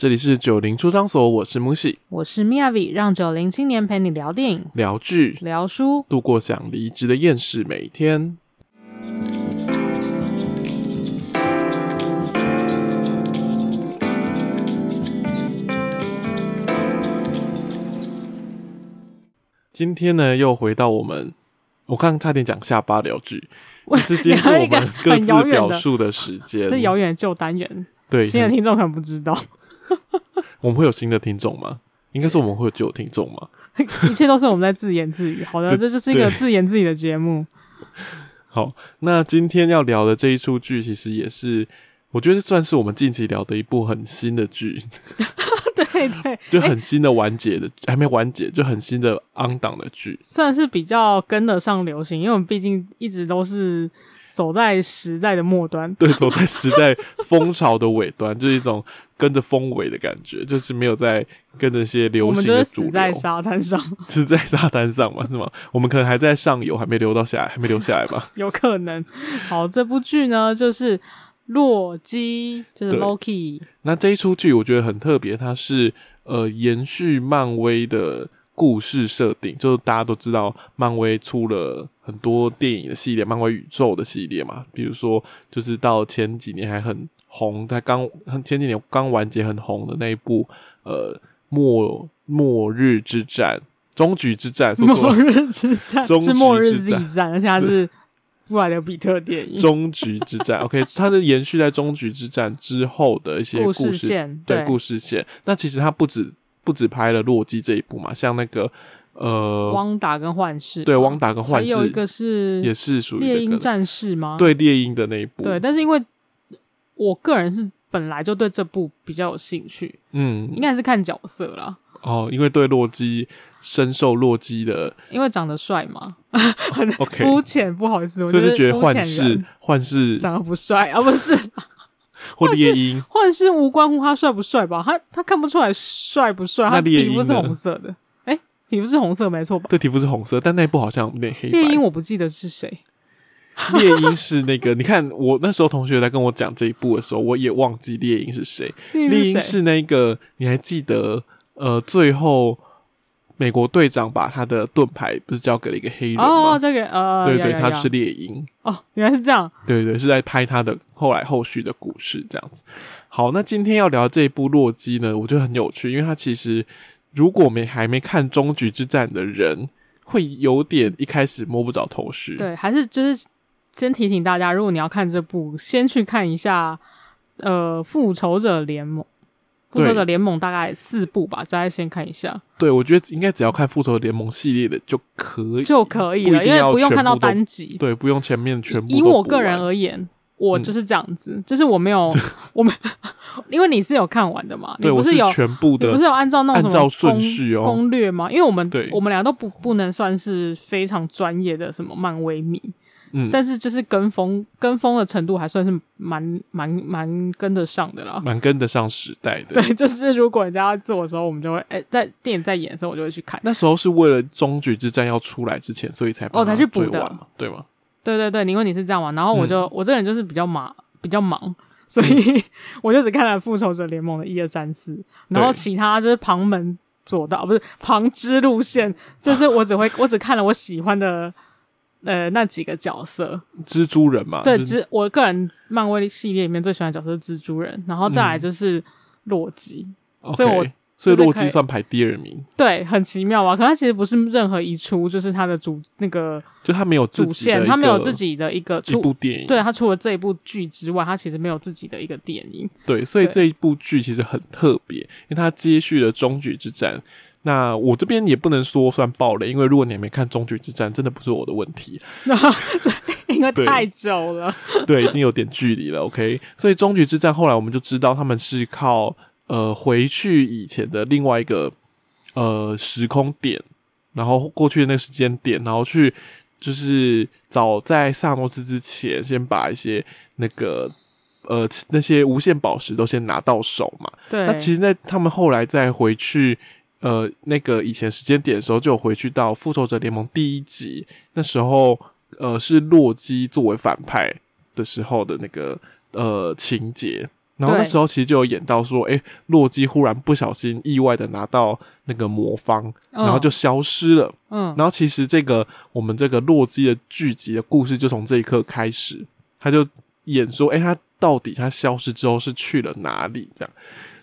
這裡是九零出張所，我是木 i 我是米亞 i 讓九零青年陪你聊電影、聊劇、聊書，度過想離職的厭世每一天。 今天呢，又回到我們，我剛剛差點講下八聊句我 是今天我們各自表述的 的時間間，這遙遠的舊單元，對新的聽眾很不知道。 我們會有新的聽眾嗎？應該是我們會有舊聽眾嗎、啊？一切都是我們在自言自語。 好的，這就是一個自言自語的節目。好，那今天要聊的這一出劇，其實也是我覺得算是我們近期聊的一部很新的劇。 對，對對，就很新的完結的，欸、還沒完結就很新的 on 檔的劇，算是比較跟得上流行，因為我們畢竟一直都是。走在時代的末端，對，走在時代風潮的尾端， 就是一種跟着風尾的感覺，就是沒有在跟着些流行的流。我們覺得死在沙灘上，死在沙灘上嘛，是嗎？ 我們可能還在上游，還沒流到下來，還沒流下來吧？ 有可能。好，這部劇呢，就是洛基，就是 Loki。那這一出劇我覺得很特別，它是呃延續漫威的。故事設定就是大家都知道，漫威出了很多電影的系列，漫威宇宙的系列嘛。比如說，就是到前幾年還很紅，他剛前幾年剛完結很紅的那一部，呃，末末日之戰、終局之戰，是末日之戰是末日之戰，而且它是布萊德彼特電影。終局之戰，OK，它是延續在終局之戰之後的一些故事線，對，對故事線。那其實它不止。不止拍了《洛基》這一部嘛，像那個呃，汪達跟幻視，對，汪達跟幻視、這個，還有一個是也是屬於獵鷹戰士嗎？對，獵鷹的那一部。對，但是因為我個人是本來就對這部比較有興趣，嗯，應該是看角色啦。哦，因為對洛基深受洛基的，因為長得帥嘛。OK，膚淺不好意思，我就是覺得幻視，幻視長得不帥啊，不是。 或獵鷹，或者是無關乎他帥不帥吧，他他看不出來帥不帥，他皮膚是紅色的，哎、欸，皮膚是紅色沒錯吧？對，皮膚是紅色，但那一部好像有點黑白。獵鷹我不記得是誰，獵 鷹是那個，你看我那時候同學在跟我講這一部的時候，我也忘記獵鷹是誰。獵鷹是，是那個，你還記得？呃，最後。美國隊長把他的盾牌不是交給了一個黑人嗎？哦，交給呃，對對，他是獵鷹。哦，原來是這樣。對，對對，是在拍他的後來後續的故事這樣子。好，那今天要聊這一部《洛基》呢，我覺得很有趣，因為他其實如果沒還沒看終局之戰的人，會有點一開始摸不着頭緒。對，還是就是先提醒大家，如果你要看這部，先去看一下呃《復仇者聯盟》。復仇者聯盟大概四部吧，大家先看一下。對，我覺得應該只要看復仇者聯盟系列的就可以就可以了，因為不用看到單集。對，不用前面全部。以我個人而言，我就是這樣子，嗯、就是我沒有 我們，因為你是有看完的嘛，對你不是有我是全部的、哦，你不是有按照那種攻按照順序、哦、攻略嗎？因為我們對，我們倆都不不能算是非常專業的什麼漫威迷。嗯，但是就是跟風跟風的程度還算是蠻蠻蠻跟得上的啦，蠻跟得上時代的。對，就是如果人家要做的時候，我們就會哎、欸，在電影在演的時候，我就會去看。那時候是為了終局之戰要出來之前，所以才我、哦、才去補的，對嗎？對對對，因為你是這樣嘛？然後我就、嗯、我這人就是比較忙，比較忙，所以、嗯、 我就只看了復仇者聯盟的一二三四，4, 然後其他就是旁門左道，不是旁支路線，就是我只會、啊、我只看了我喜歡的。呃，那幾個角色，蜘蛛人嘛，對，蜘、就是、我個人漫威系列裡面最喜歡的角色是蜘蛛人，然後再來就是洛基，嗯、所以我以所以洛基算排第二名，對，很奇妙啊。可他其實不是任何一出，就是他的主那個，就他沒有主線，他沒有自己的一個主、一部電影，出對他除了這一部劇之外，他其實沒有自己的一個電影，對，所以這一部劇其實很特別，因為它接續了《終局之戰》。那我這邊也不能說算爆雷，因為如果你還沒看終局之戰，真的不是我的問題。因 為 太久了對，對，已經有點距離了。OK， 所以終局之戰後來我們就知道他們是靠呃回去以前的另外一個呃時空點，然後過去的那個時間點，然後去就是早在薩諾斯之前，先把一些那個呃那些無限寶石都先拿到手嘛。對。那其實在他們後來再回去。呃，那個以前時間點的時候就回去到《復仇者聯盟》第一集那時候，呃，是洛基作為反派的時候的那個呃情節。然後那時候其實就有演到說，哎、欸，洛基忽然不小心意外的拿到那個魔方，嗯、然後就消失了。嗯，然後其實這個我們這個洛基的劇集的故事就從這一刻開始，他就演說，哎、欸，他到底他消失之後是去了哪裡？這樣，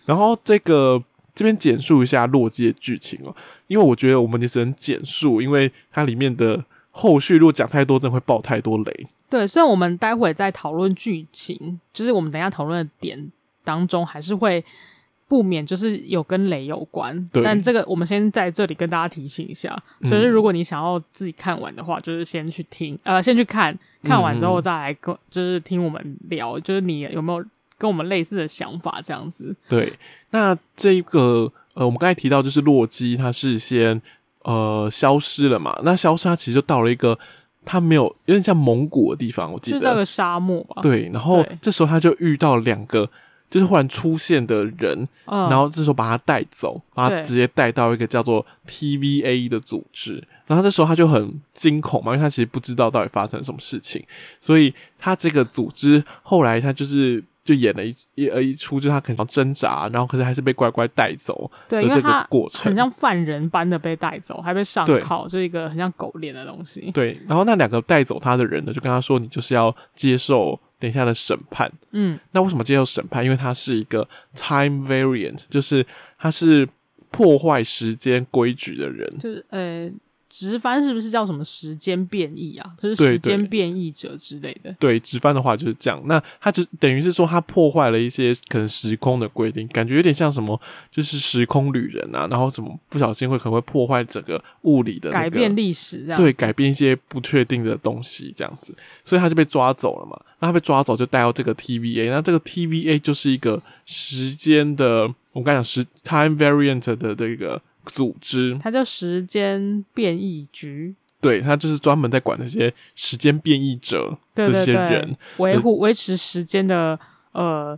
然後這個。這邊簡述一下《洛基》的劇情哦、喔，因為我覺得我們也只能簡述，因為它裡面的後續如果講太多，真的會爆太多雷。對，雖然我們待會再討論劇情，就是我們等一下討論的點當中，還是會不免就是有跟雷有關，對。但這個我們先在這裡跟大家提醒一下、嗯，所以如果你想要自己看完的話，就是先去聽，呃，先去看，看完之後再來跟，就是聽我們聊，嗯、就是你有沒有？跟我們類似的想法，這樣子。對，那這一個呃，我們剛才提到就是洛基，他是先呃消失了嘛？那消失他其實就到了一個他沒有有點像蒙古的地方，我記得那個沙漠吧？對對，就是嗯？對。然後這時候他就遇到兩個就是忽然出現的人，然後這時候把他帶走，啊，把他直接帶到一個叫做 TVA 的組織。然後這時候他就很驚恐嘛，因為他其實不知道到底發生什麼事情。所以他這個組織後來他就是。就演了一一呃一出，就他很想掙扎，然後可是還是被乖乖帶走的這個。對，因為過程很像犯人般的被帶走，還被上銬，就一個很像狗鏈的東西。對，然後那兩個帶走他的人呢，就跟他說：“你就是要接受等一下的審判。”嗯，那為什麼接受審判？因為他是一個 time variant，就是他是破壞時間規矩的人。就是呃。直翻是不是叫什麼時間變異啊？就是時間變異者之類的。對，對，對，直翻的話就是這樣。那他就等於是說，他破壞了一些可能時空的規定，感覺有點像什麼，就是時空旅人啊，然後怎麼不小心會可能會破壞整個物理的、那個、改變歷史這樣，對，改變一些不確定的東西這樣子。所以他就被抓走了嘛。那他被抓走就帶到這個 TVA，那這個 TVA 就是一個時間的，我剛才講時 time variant 的這個。組織，它叫時間變異局，對，它就是專門在管那些時間變異者這些人，維護、維持時間的呃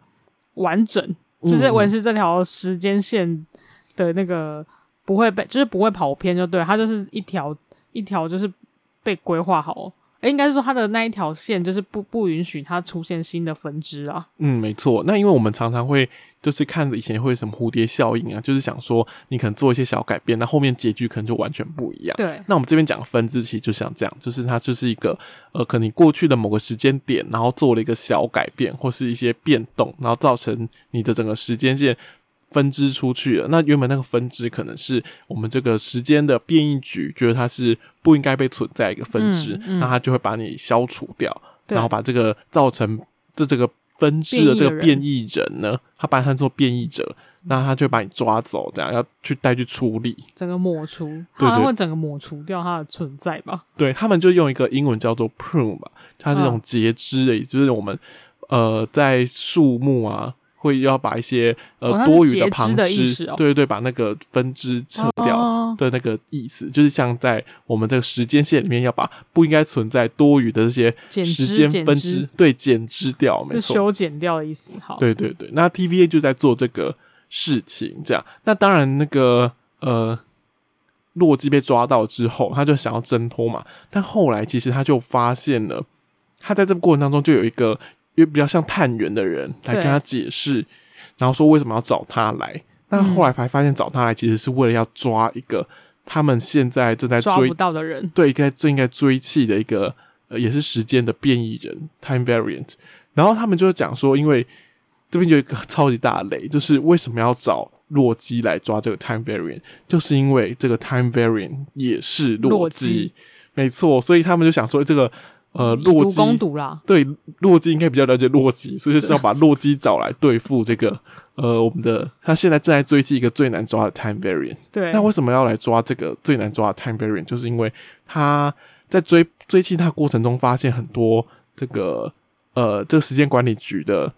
完整，就是維持這條時間線的那個、嗯、不會被，就是不會跑偏，就對，它就是一條一條就是被規劃好。哎、欸，應該是說它的那一條線就是不不允許它出現新的分支啊。嗯，沒錯。那因為我們常常會就是看以前會有什麼蝴蝶效應啊，就是想說你可能做一些小改變，那後面結局可能就完全不一樣。對。那我們這邊講分支其實就像這樣，就是它就是一個呃，可能你過去的某個時間點，然後做了一個小改變或是一些變動，然後造成你的整個時間線。分支出去了，那原本那個分支可能是我們這個時間的變異局，覺得它是不應該被存在一個分支、嗯嗯，那它就會把你消除掉，然後把這個造成這這個分支的這個變異人呢，人他把它做變異者、嗯，那他就把你抓走，這樣要去帶去處理，整個抹除，對對對，他們整個抹除掉它的存在吧。對他們就用一個英文叫做 prune 嘛，它是這種截枝的意思、啊、就是我們呃在樹木啊。會要把一些呃、哦、多餘的旁枝，枝的、哦，對對對，把那個分支撤掉的那個意思，oh. 就是像在我們這個時間線裡面要把不應該存在多餘的這些時間分支，對，剪枝掉，沒錯，是修剪掉的意思。哈，對對對，那 TVA 就在做這個事情，這樣。那當然，那個呃，洛基被抓到之後，他就想要掙脫嘛，但後來其實他就發現了，他在這個過程當中就有一個。也比較像探員的人來跟他解釋，然後說為什麼要找他來。但、嗯、後來才發現找他來其實是為了要抓一個他們現在正在追、抓不到的人，對，該個應該追擊的一個、呃、也是時間的變異人 （time variant）。然後他們就講說，因為這邊有一個超級大雷，就是為什麼要找洛基來抓這個 time variant，就是因為這個 time variant 也是洛基，洛基沒錯。所以他們就想說這個。呃，洛基毒攻毒啦對洛基應該比較了解，洛基所以是要把洛基找來對付這個呃，我們的他現在正在追擊一個最難抓的 time variant。對，那為什麼要來抓這個最難抓的 time variant？就是因為他在追追擊他過程中，發現很多這個呃，這個時間管理局的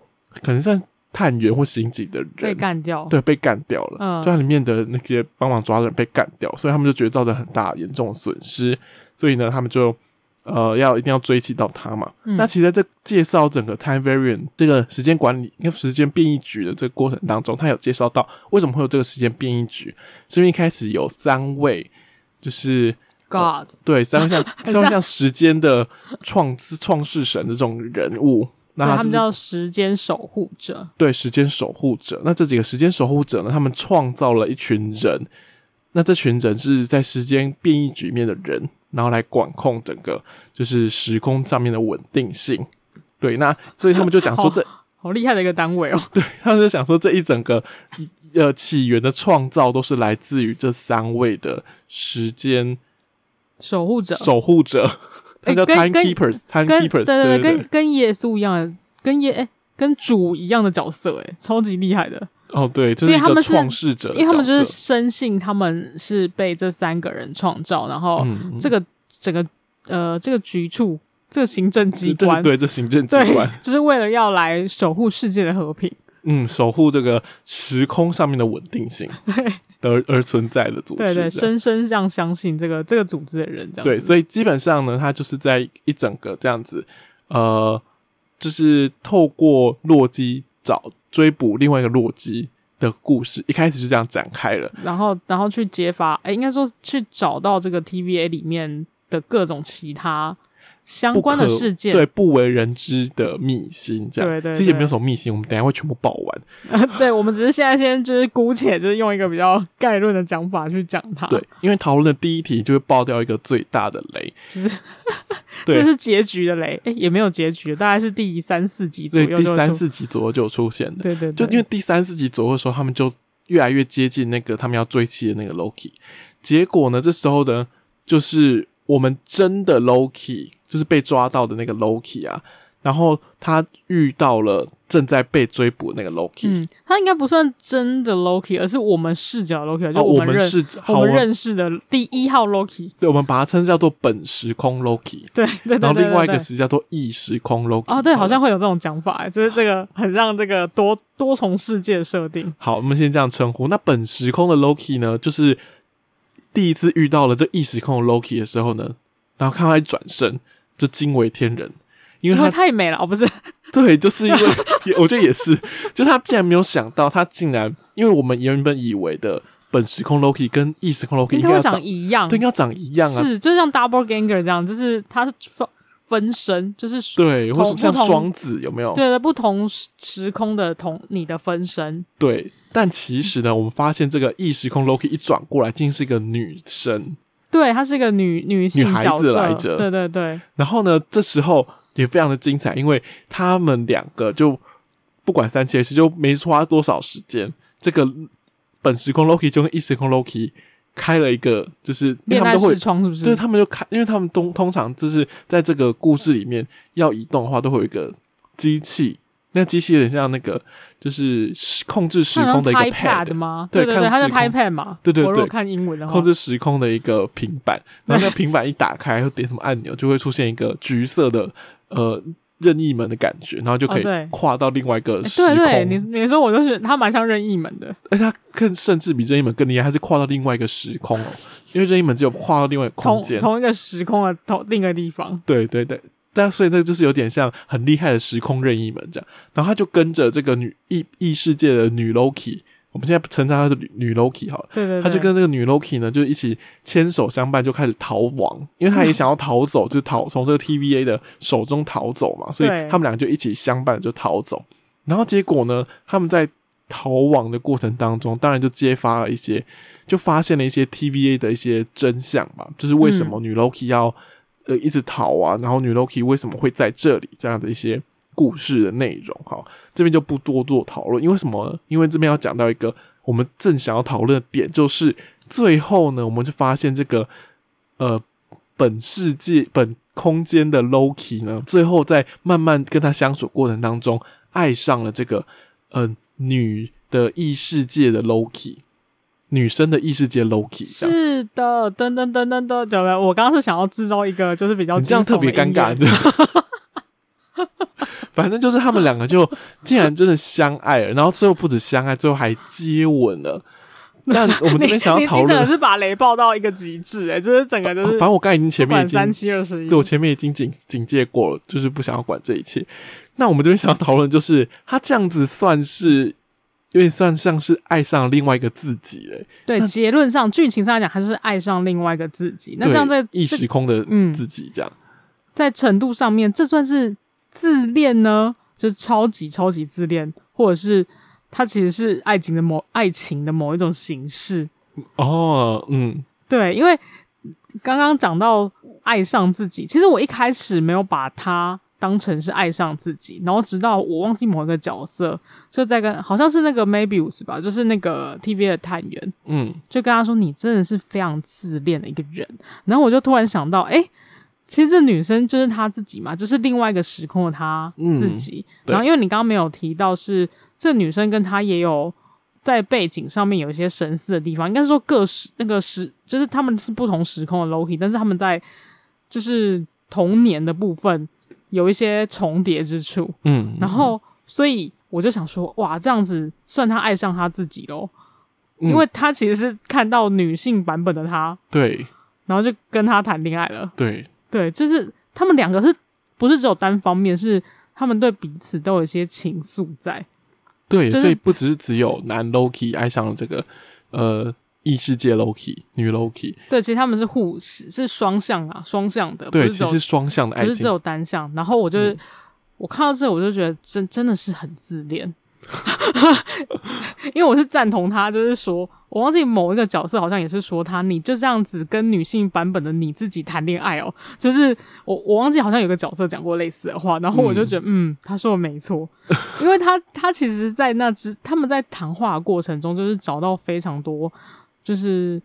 可能像探員或刑警的人被幹掉，對，被幹掉了。嗯，就他裡面的那些幫忙抓的人被幹掉，所以他們就覺得造成很大嚴重的損失，所以呢，他們就。呃，要一定要追及到他嘛。嗯、那其實在這介紹整個 Time Variant 這個時間管理、時間變異局的這個過程當中，他有介紹到為什麼會有這個時間變異局，是因為一開始有三位，就是 God、哦、對，三位像 三位像時間的創創 世神的這種人物，那他，他們叫時間守護者，對，時間守護者。那這幾個時間守護者呢，他們創造了一群人，那這群人是在時間變異局裡面的人。然後來管控整個就是時空上面的穩定性，對，那所以他們就講說這、啊、好，好厲害的一個單位哦。對，他們就想說這一整個呃起源的創造都是來自於這三位的時間守護者，守護者，護者他叫 Time Keepers，Time Keepers、欸、對，對對對，跟跟耶穌一樣的，跟耶。欸跟主一樣的角色、欸，哎，超級厲害的哦，對、就是一個，因為他們創世者，因為他們就是深信他們是被這三個人創造，嗯、然後這個、嗯、整個呃這個局處、這個這個、這個行政機關，對，這行政機關就是為了要來守護世界的和平， 嗯，守護這個時空上面的穩定性，對，而而存在的組織，對對，深深相相信這個這個組織的人，這樣子對，所以基本上呢，他就是在一整個這樣子，呃。就是透過洛基找追捕另外一個洛基的故事，一開始就這樣展開了，然後然後去揭發，哎、欸，應該說去找到這個 TVA 裡面的各種其他。相關的事件，對，不為人知的秘辛，這樣對，對對，其實也沒有什麼秘辛，我們等一下會全部爆完、啊。對，我們只是現在先就是姑且，就是用一個比較概論的講法去講它。對，因為討論的第一題就會爆掉一個最大的雷，就是對，這是結局的雷，誒、欸、也沒有結局，大概是第三四集左右，第三四集左右就出現的。對, 3, 對，對對，就因為第三四集左右的時候，他們就越來越接近那個他們要追擊的那個 Loki，結果呢，這時候呢，就是我們真的 Loki。就是被抓到的那個 Loki 啊，然後他遇到了正在被追捕的那個 Loki，嗯，他應該不算真的 Loki，而是我們視角的 Loki，、哦、就我們視、啊、我們認識的第一號 Loki，對，我們把它稱之叫做本時空 Loki，對，對,對，對,對,對,對，然後另外一個詞叫做異時空 Loki，對對對對對哦，對，好像會有這種講法、欸，就是這個很像這個多多重世界設定。好，我們先這樣稱呼。那本時空的 Loki 呢，就是第一次遇到了這異時空的 Loki 的時候呢，然後看他一轉身。就驚為天人，因為他太美了。哦，不是，對，就是因為 我覺得也是，就是他竟然沒有想到，他竟然因為我們原本以為的本時空 Loki 跟異時空 Loki 應該要長一樣，對，應該要長一樣啊，是，就是像 Double Ganger 這樣，就是他是分分身，就是對，或者像雙子有沒有？對，不同時空的同你的分身。對，但其實呢，我們發現這個異時空 Loki 一轉過來，竟是一個女生。對，她是一個女女性角色子來著，對對對。然後呢，這時候也非常的精彩，因為他們兩個就不管三七二十，就沒花多少時間。這個本時空 Loki 就跟異時空 Loki 開了一個，就是戀愛視窗，因為他們都是不是？對，他們就開，因為他們通通常就是在這個故事裡面要移動的話，都會有一個機器。那機、個、器人像那個，就是控制時空的一個 pad 它，是嗎？對？對對對，它是 TemPad 嘛？對對對，我看英文的控制時空的一個平板，然後那個平板一打開， 點什麼按鈕，就會出現一個橘色的呃任意門的感覺，然後就可以跨到另外一個時空。啊對，欸、對，對對，你你說我就是，它蠻像任意門的。而、欸、且它更甚至比任意門更厲害，它是跨到另外一個時空哦、喔， 因為任意門只有跨到另外一個空間同，同一個時空的同另一個地方。對對對。但所以這就是有點像很厲害的時空任意門這樣，然後他就跟着這個女異異世界的女 Loki，我們現在稱他是女、女 Loki 好了。對，對對。他就跟這個女 Loki 呢，就一起牽手相伴就開始逃亡，因為他也想要逃走，嗯、就逃從這個 TVA 的手中逃走嘛。所以他們兩個就一起相伴就逃走，然後結果呢，他們在逃亡的過程當中，當然就揭發了一些，就發現了一些 TVA 的一些真相嘛，就是為什麼女 Loki 要。嗯呃，一直逃啊，然後女 Loki 為什麼會在這裡？這樣的一些故事的內容，哈，這邊就不多做討論。因為什麼呢？因為這邊要講到一個我們正想要討論的點，就是最後呢，我們就發現這個呃本世界本空間的 Loki 呢，最後在慢慢跟他相處過程當中，愛上了這個嗯、呃、女的異世界的 Loki。女生的異世界 Loki 是的，噔噔噔噔噔，對不對？我剛剛是想要制造一個，就是比較你這樣特別尷尬的。 反正就是他們兩個就竟然真的相愛了， 然後最後不止相愛，最後還接吻了。那我們這邊想要討論 你你你真的是把雷爆到一個極致，欸，誒就是整個就是。反正我剛已經前面已經三七二十一，我剛剛前前對我前面已經警警戒過了，就是不想要管這一切。那我們這邊想要討論就是，他這樣子算是。因為算像是愛上另外一個自己誒，對，結論上劇情上來講，還是愛上另外一個自己。那這樣在異時空的自己，這樣、嗯、在程度上面，這算是自戀呢？就是超級超級自戀，或者是他其實是愛情的某愛情的某一種形式？哦，嗯，對，因為剛剛講到愛上自己，其實我一開始沒有把它當成是愛上自己，然後直到我忘記某一個角色。就在跟好像是那個 Maybe 五十吧，就是那個 TV 的探員，嗯，就跟他說：“你真的是非常自戀的一個人。”然後我就突然想到，誒、欸，其實這女生就是她自己嘛，就是另外一個時空的她自己、嗯。然後因為你剛剛沒有提到是，是這女生跟他也有在背景上面有一些神似的地方，應該說各時那個時就是他們是不同時空的 Loki，但是他們在就是童年的部分有一些重疊之處，嗯，然後、嗯、所以。我就想說，哇，這樣子算他愛上他自己咯、嗯、因為他其實是看到女性版本的他，對，然後就跟他談戀愛了，對，對，就是他們兩個是不是只有單方面？是他們對彼此都有一些情愫在，對、就是，所以不只是只有男 Loki 愛上了這個呃異世界 Loki 女 Loki，對，其實他們是互是雙向啊，雙向的，對，其實雙向的愛情，不是只有單向。然後我就是。嗯我看到這，我就覺得真真的是很自戀，哈哈哈，因為我是贊同他，就是說，我忘記某一個角色好像也是說他，你就這樣子跟女性版本的你自己談戀愛哦，就是我我忘記好像有個角色講過類似的話，然後我就覺得嗯，嗯，他說的沒錯，因為他他其實，在那只他們在談話過程中，就是找到非常多，就是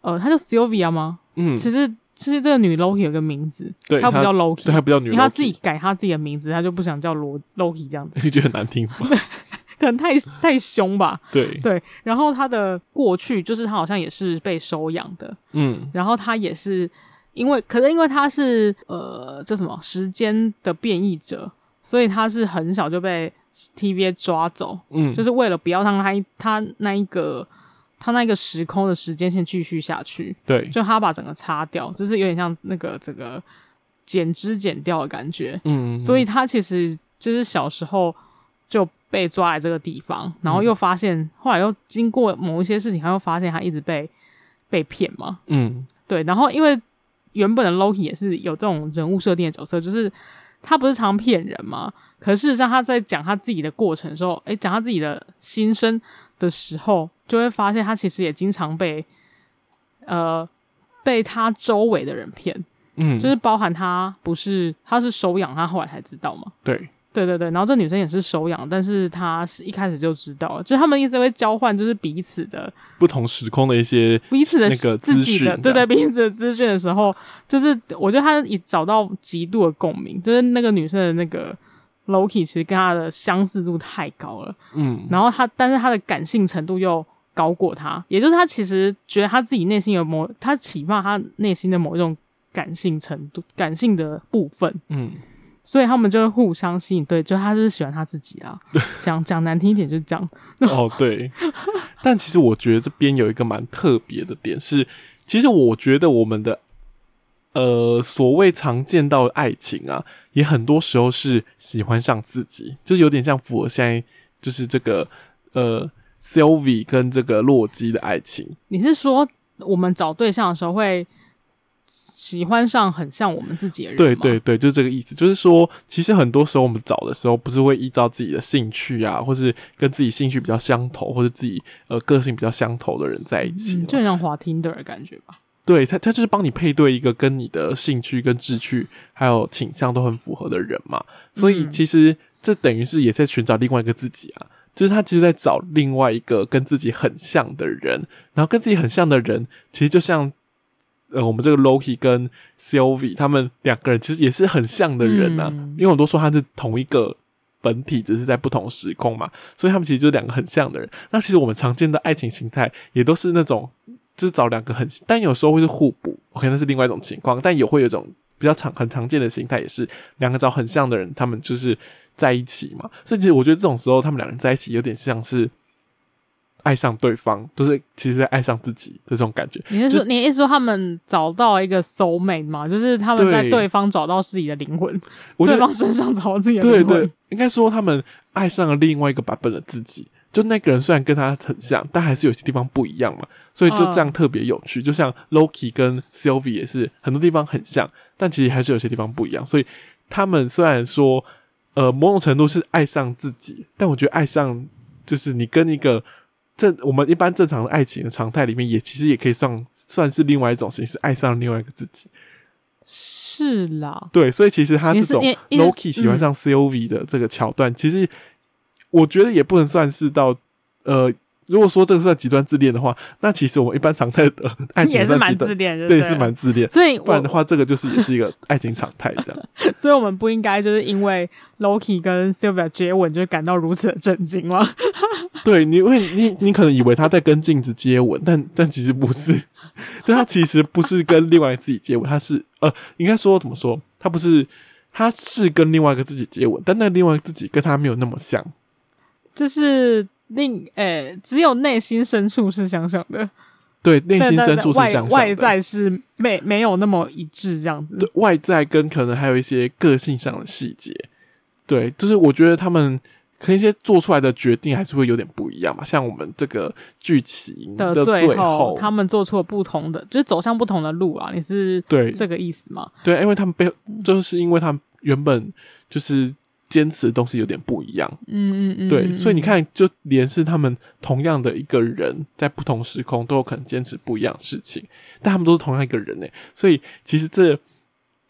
呃，他叫 Sylvie 嗎？嗯，其實。其實這個女 Loki 有個名字，對，她不叫 Loki，她不叫女、Loki，因為她自己改她自己的名字，她就不想叫羅 Loki 這樣子，你覺得很難聽嗎？ 可能太太兇吧。對對，然後她的過去就是她好像也是被收養的，嗯，然後她也是因為，可能因為她是呃叫什麼時間的變異者，所以她是很小就被 TVA 抓走，嗯，就是為了不要讓她她，她那一個。他那個時空的時間線繼續下去，對，就他把整個擦掉，就是有點像那個整個剪枝剪掉的感覺，嗯，所以他其實就是小時候就被抓來這個地方，然後又發現、嗯，後來又經過某一些事情，他又發現他一直被被騙嘛，嗯，對，然後因為原本的 Loki 也是有這種人物設定的角色，就是他不是常騙人嘛。可是事實上他在講他自己的過程的時候，誒、欸、講他自己的心聲的時候。就會發現，他其實也經常被，呃，被他周圍的人騙。嗯，就是包含他不是，他是收養，他後來才知道嘛。對，對對對。然後這女生也是收養，但是她是一開始就知道了，就是他們一直會交換，就是彼此的不同時空的一些彼此的自己的資訊。對，對對，彼此的資訊的時候，就是我覺得他也找到極度的共鳴，就是那個女生的那個 Loki，其實跟他的相似度太高了。嗯，然後他，但是他的感性程度又，高過他，也就是他其實覺得他自己內心有某，他啟發他內心的某一種感性程度，感性的部分。嗯，所以他們就會互相吸引。對，就他就是喜歡他自己啊。講 講難聽一點就，就是講。哦，對。 但其實我覺得這邊有一個蠻特別的點是，其實我覺得我們的呃所謂常見到愛情啊，也很多時候是喜歡上自己，就有點像符合現在就是這個呃。Sylvie 跟這個洛基的愛情，你是說我們找對象的時候會喜歡上很像我們自己的人？對對對，就是這個意思。就是說，其實很多時候我們找的時候，不是會依照自己的興趣啊，或是跟自己興趣比較相投，或者自己呃個性比較相投的人在一起，嗯，就很像滑 Tinder 的感覺吧？對他，他就是幫你配對一個跟你的興趣、跟志趣還有傾向都很符合的人嘛。所以其實這等於是也在尋找另外一個自己啊。就是他其實在找另外一個跟自己很像的人，然後跟自己很像的人，其實就像呃，我們這個 Loki 跟 Sylvie 他們兩個人，其實也是很像的人吶，啊嗯。因為我都說他是同一個本體，只，就是在不同時空嘛，所以他們其實就是兩個很像的人。那其實我們常見的愛情形態也都是那種，就是找兩個很，但有時候會是互補，可，OK, 能是另外一種情況，但也會有一種比較常、很常見的形態，也是兩個找很像的人，他們就是。在一起嘛，所以其實我覺得這種時候，他們兩人在一起有點像是愛上對方，就是其實在愛上自己的這種感覺。你、就是說、就是，你是說他們找到一個 soul mate 嘛？就是他們在對方找到自己的靈魂，對，對方身上找到自己的靈魂。對對對，應該說，他們愛上了另外一個版本的自己。就那個人雖然跟他很像，但還是有些地方不一樣嘛。所以就這樣特別有趣。就像 Loki 跟 Sylvie 也是很多地方很像，但其實還是有些地方不一樣。所以他們雖然說。呃，某種程度是愛上自己、嗯，但我覺得愛上就是你跟一個正我們一般正常的愛情的常態裡面，也其實也可以上算，算是另外一種形式，愛上另外一個自己。是啦，對，所以其實他這種 Loki 喜歡上 Cov 的這個橋段、嗯，其實我覺得也不能算是到呃。如果說這個是在極端自戀的話，那其實我們一般常態的、呃、愛情是也是蠻自戀的，對，是蠻自戀。所以不然的話，這個就是也是一個愛情常態這樣。 所以我們不應該就是因為 Loki 跟 Sylvie 接吻就感到如此的震驚嗎？對，你，因為你你可能以為他在跟鏡子接吻，但但其實不是，就他其實不是跟另外一個自己接吻，他是呃，應該說怎麼說？他不是，他是跟另外一個自己接吻，但那另外一個自己跟他沒有那麼像，就是。另呃、欸，只有內心深處是相像的，對，內心深處是相像的，在外，外在是沒沒有那麼一致這樣子對。外在跟可能還有一些個性上的細節，對，就是我覺得他們可能一些做出來的決定還是會有點不一樣嘛。像我們這個劇情的最、的最後，他們做出了不同的，就是走向不同的路啊。你是對這個意思嗎？對，因為他們被就是因為他們原本就是。堅持的東西有點不一樣，嗯嗯嗯，嗯，對，所以你看，就連是他們同樣的一個人，在不同時空都有可能堅持不一樣的事情，但他們都是同樣一個人呢，所以其實這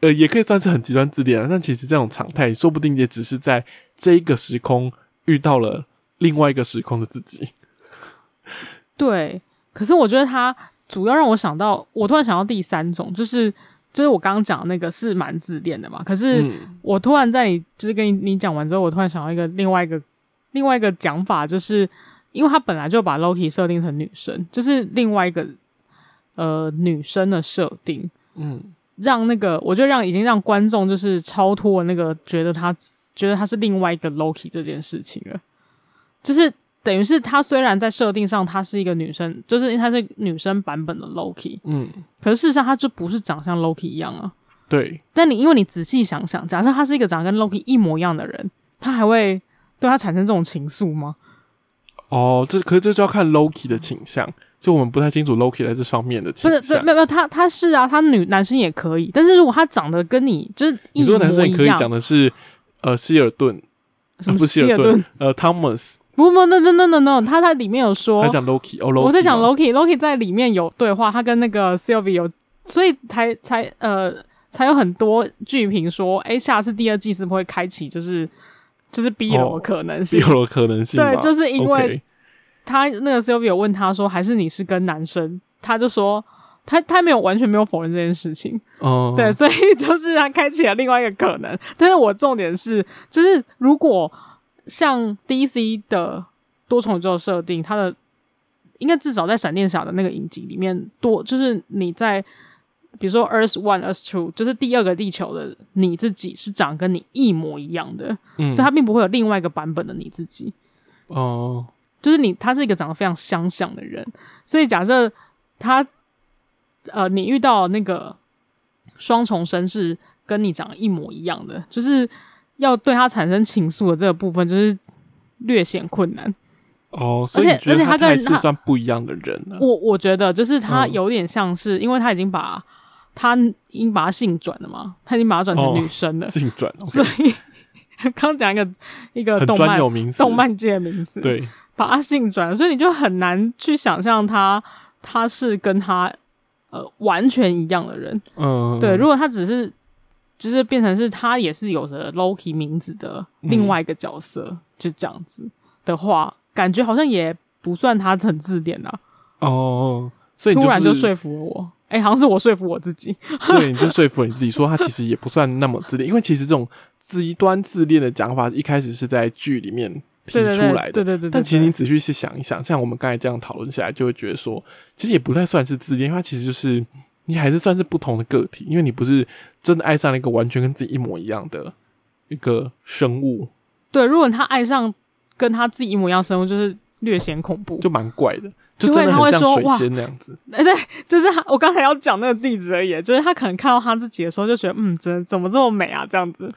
呃，也可以算是很極端自戀啊。但其實這種常態，說不定也只是在這一個時空遇到了另外一個時空的自己。對，可是我覺得他主要讓我想到，我突然想到第三種，就是。就是我剛剛講的那個是蠻自戀的嘛，可是我突然在就是跟你你講完之後，我突然想到一個另外一個另外一個講法，就是因為他本來就把 Loki 設定成女生，就是另外一個呃女生的設定，嗯，讓那個我就讓已經讓觀眾就是超脫了那個覺得他覺得他是另外一個 Loki 這件事情了，就是。等於是他雖然在設定上他是一個女生，就是因為他是女生版本的 Loki，嗯，可是事實上他就不是長像 Loki 一樣啊。對。但你因為你仔細想想，假設他是一個長得跟 Loki 一模一樣的人，他還會對他產生這種情愫嗎？哦，這可是這就要看 Loki 的傾向，就我們不太清楚 Loki 在這方面的傾向。不是，沒有沒有，她她是啊，她女男生也可以，但是如果她長得跟你就是一一你說男生也可以講的是呃希爾頓、呃，不是希爾頓， 呃 Thomas。 不不 non, non, non,，no no no no no，他在裡面有說我在講 Loki,、oh, Loki，我在講 Loki，Loki 在裡面有對話，他跟那個 Sylvie 有，所以才才呃才有很多劇評說，誒、欸、下次第二季是不會開啟、就是，就是就是 BL 可能性，BL 可能性，對，就是因為他那個 Sylvie 有問他說，還是你是跟男生，okay. 他就說他他沒有完全沒有否認這件事情，哦、呃，對，所以就是他開啟了另外一個可能，但是我重點是，就是如果。像 DC 的多重宇宙設定，它的應該至少在閃電俠的那個影集裡面多，多就是你在比如說 Earth One、Earth Two，就是第二個地球的你自己是長跟你一模一樣的，嗯，所以它並不會有另外一個版本的你自己。哦，嗯，就是你他是一個長得非常相像的人，所以假設他呃，你遇到那個雙重身是跟你長得一模一樣的，就是。要對他產生情愫的這個部分，就是略顯困難哦。所以你覺得而且，而且他跟他，他還是算不一樣的人、啊。我我覺得，就是他有點像是，嗯、因為他已經把他已經把他性轉了嘛，他已經把他轉成女生了，哦、性轉、okay。所以，剛 講一個一個動漫動漫界的名字，對，把他性轉，所以你就很難去想象他他是跟他呃完全一樣的人、嗯。對，如果他只是。就是變成是他也是有着 Loki 名字的另外一個角色、嗯，就這樣子的話，感覺好像也不算他很自戀啊。哦，所以、就是、突然就說服了我，哎、欸，好像是我說服我自己。對，你就說服了你自己，說他其實也不算那麼自戀， 因為其實這種極端自戀的講法一開始是在劇裡面提出來的。對對對，對，對，對，對，對，對。但其實你仔細去想一想，像我們剛才這樣討論下來，就會覺得說，其實也不太算是自戀，因為他其實就是。你還是算是不同的個體，因為你不是真的愛上了一個完全跟自己一模一樣的一個生物。對，如果他愛上跟他自己一模一樣生物，就是略顯恐怖，就蠻怪的。就真的很像水仙他會說那樣子。對，就是他。我剛才要講那個例子而已，就是他可能看到他自己的時候，就覺得嗯，真的怎麼這麼美啊，這樣子。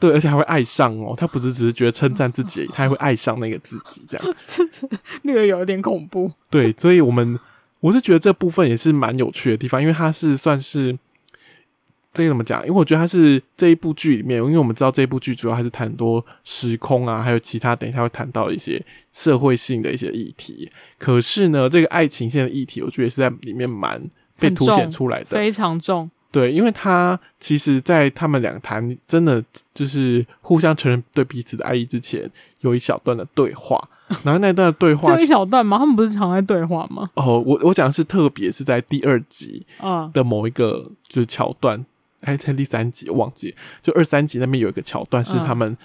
對，而且還會愛上哦。他不是只是覺得稱讚自己而已，他還會愛上那個自己，這樣，就 略有一點恐怖。對，所以我們。我是覺得這部分也是蠻有趣的地方，因為它是算是這個怎麼講？因為我覺得它是這一部劇裡面，因為我們知道這一部劇主要還是談很多時空啊，還有其他等一下會談到一些社會性的一些議題。可是呢，這個愛情線的議題，我覺得是在裡面蠻被凸顯出來的，非常重。對，因為他其實，在他們兩談真的就是互相承認對彼此的愛意之前，有一小段的對話。然後那段的對話就一小段嘛，他們不是常在對話嗎？哦、呃，我我講的是，特別是在第二集啊的某一個就是橋段，誒、uh, 在第三集忘記？就二三集那邊有一個橋段，是他們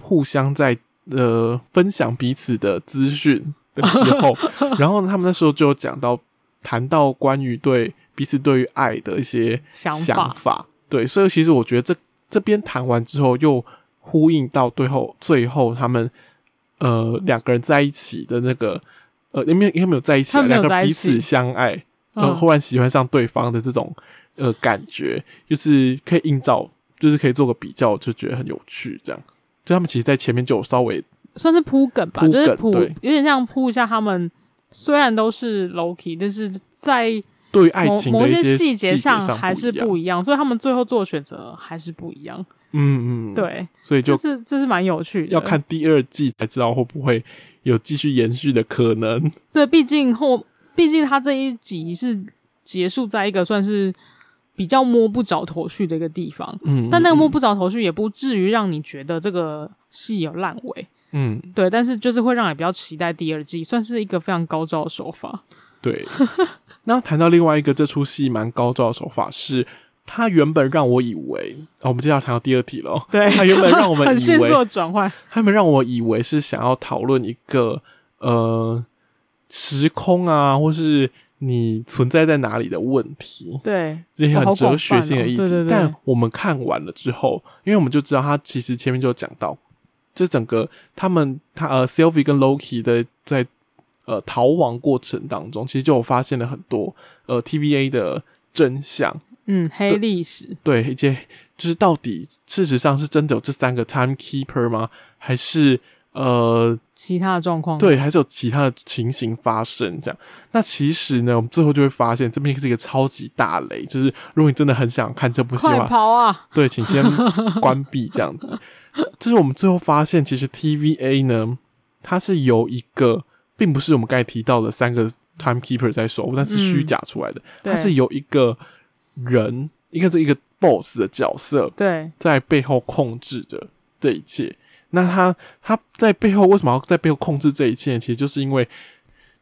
互相在、uh, 呃分享彼此的資訊的時候， 然後他們那時候就講到。談到關於對彼此對於愛的一些想法，想法，對，所以其實我覺得這這邊談完之後，又呼應到最後，最後他們呃兩個人在一起的那個呃，因為有有沒有在一起，兩個人彼此相愛，然後、嗯、忽然喜歡上對方的這種、哦、呃感覺，就是可以映照，就是可以做個比較，就覺得很有趣。這樣，所以他們其實，在前面就有稍微算是鋪梗吧，鋪梗就是鋪，有點像鋪一下他們。雖然都是 Loki，但是在某對愛情某些細節上還是不一樣，所以他們最後做的選擇還是不一樣。嗯嗯，對，所以就這是這是蠻有趣的，要看第二季才知道會不會有繼續延續的可能。對，畢竟後畢竟他這一集是結束在一個算是比較摸不着頭緒的一個地方，嗯，嗯嗯，但那個摸不着頭緒也不至於讓你覺得這個戲有爛尾。嗯，對，但是就是會讓你比較期待第二季，算是一個非常高招的手法。對。 那談到另外一個這齣戲蠻高招的手法是，是他原本讓我以為，哦，我們接下來要談到第二題咯。對。他原本讓我們以為很迅速的轉換，他 們讓我以為是想要討論一個呃時空啊，或是你存在在哪裡的問題。對。這些很哲、哦、學性的議題、哦哦，但我們看完了之後，因為我們就知道他其實前面就講到。這整個他們他呃，Sylvie 跟 Loki 的在呃逃亡過程當中，其實就有發現了很多呃 TVA 的真相，嗯，黑歷史，對，一些就是到底事實上是真的有這三個 Timekeeper 嗎？還是呃其他的狀況？對，還是有其他的情形發生？這樣。那其實呢，我們最後就會發現這邊是一個超級大雷，就是如果你真的很想看這部戲的話，逃啊，對，請先關閉這樣子。 這、就是我們最後發現，其實 TVA 呢，它是由一個，並不是我們剛才提到的三個 Timekeeper 在守護，但是虛假出來的，嗯、它是由一個人，一個是一個 Boss 的角色，對，在背後控制着這一切。那他他在背後為什麼要在背後控制這一切？其實就是因為，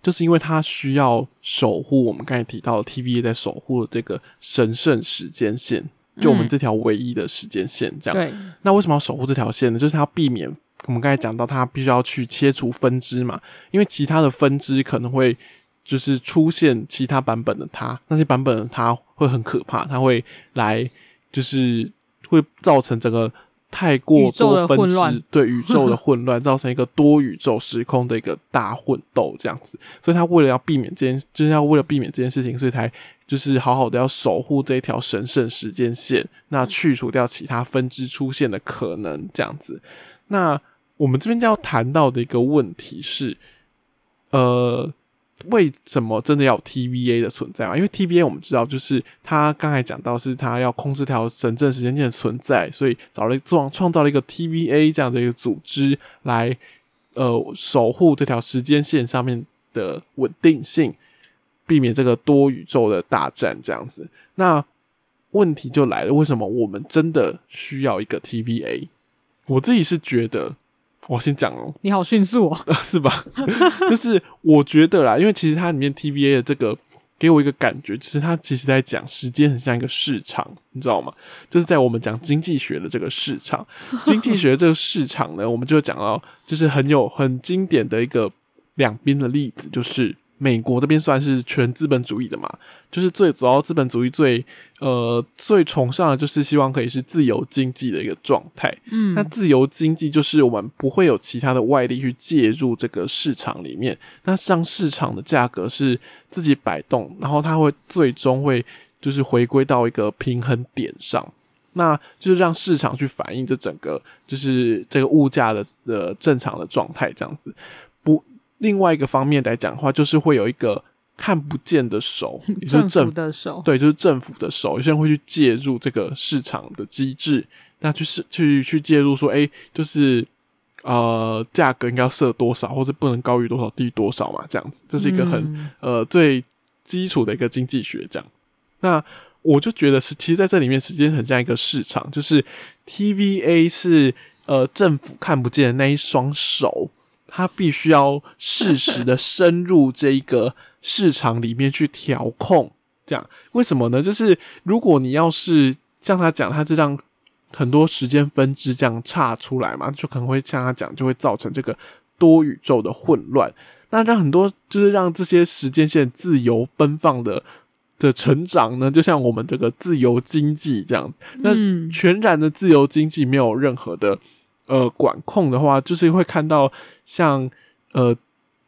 就是因為他需要守護我們剛才提到的 TVA 在守護的這個神聖時間線。就我們這條唯一的時間線這樣、嗯對，那為什麼要守護這條線呢？就是它要避免我們剛才講到，它必須要去切除分支嘛，因為其他的分支可能會就是出現其他版本的它，那些版本的它會很可怕，它會來就是會造成整個。太過多分支，對宇宙的混亂造成一個多宇宙時空的一個大混鬥，這樣子。所以，他為了要避免這件，就是要為了避免這件事情，所以才就是好好的要守護這一條神聖時間線，那去除掉其他分支出現的可能，這樣子。那我們這邊就要談到的一個問題是，呃。為什麼真的要有 TVA 的存在啊？因為 TVA 我們知道，就是他剛才講到是他要控制條神聖時間線的存在，所以找了創創造了一個 TVA 這樣的一個組織來呃守護這條時間線上面的穩定性，避免這個多宇宙的大戰這樣子。那問題就來了，為什麼我們真的需要一個 TVA？我自己是覺得。我先講哦，你好迅速哦， 是吧？就是我覺得啦，因為其實它裡面 TVA 的這個給我一個感覺，就是它其實在講時間很像一個市場，你知道嗎？就是在我們講經濟學的這個市場，經濟學的這個市場呢，我們就講到就是很有很經典的一個兩邊的例子，就是。美國這邊算是全資本主義的嘛，就是最主要資本主義最呃，最崇尚的就是希望可以是自由經濟的一個狀態。嗯，那自由經濟就是我們不會有其他的外力去介入這個市場裡面，那像市場的價格是自己擺動，然後它會最終會就是回歸到一個平衡點上，那就是讓市場去反映這整個就是這個物價的的正常的狀態這樣子，不。另外一個方面來講的話，就是會有一個看不見的手，也就是政府，政府的手，對，就是政府的手，有些人會去介入這個市場的機制，那去是去去介入說，哎、欸，就是呃，價格應該要設多少，或者不能高於多少，低多少嘛，這樣子，這是一個很、嗯、呃最基礎的一個經濟學這樣。那我就覺得是，其實在這裡面，時間很像一個市場，就是 TVA 是呃政府看不見的那一雙手。他必須要適時的深入這一個市場裡面去調控，這樣。為什麼呢？就是如果你要是像他講，他這樣很多時間分支這樣岔出來嘛，就可能會像他講，就會造成這個多宇宙的混亂。那讓很多就是讓這些時間線自由奔放的的成長呢？就像我們這個自由經濟這樣，那全然的自由經濟沒有任何的。呃，管控的話，就是會看到像呃，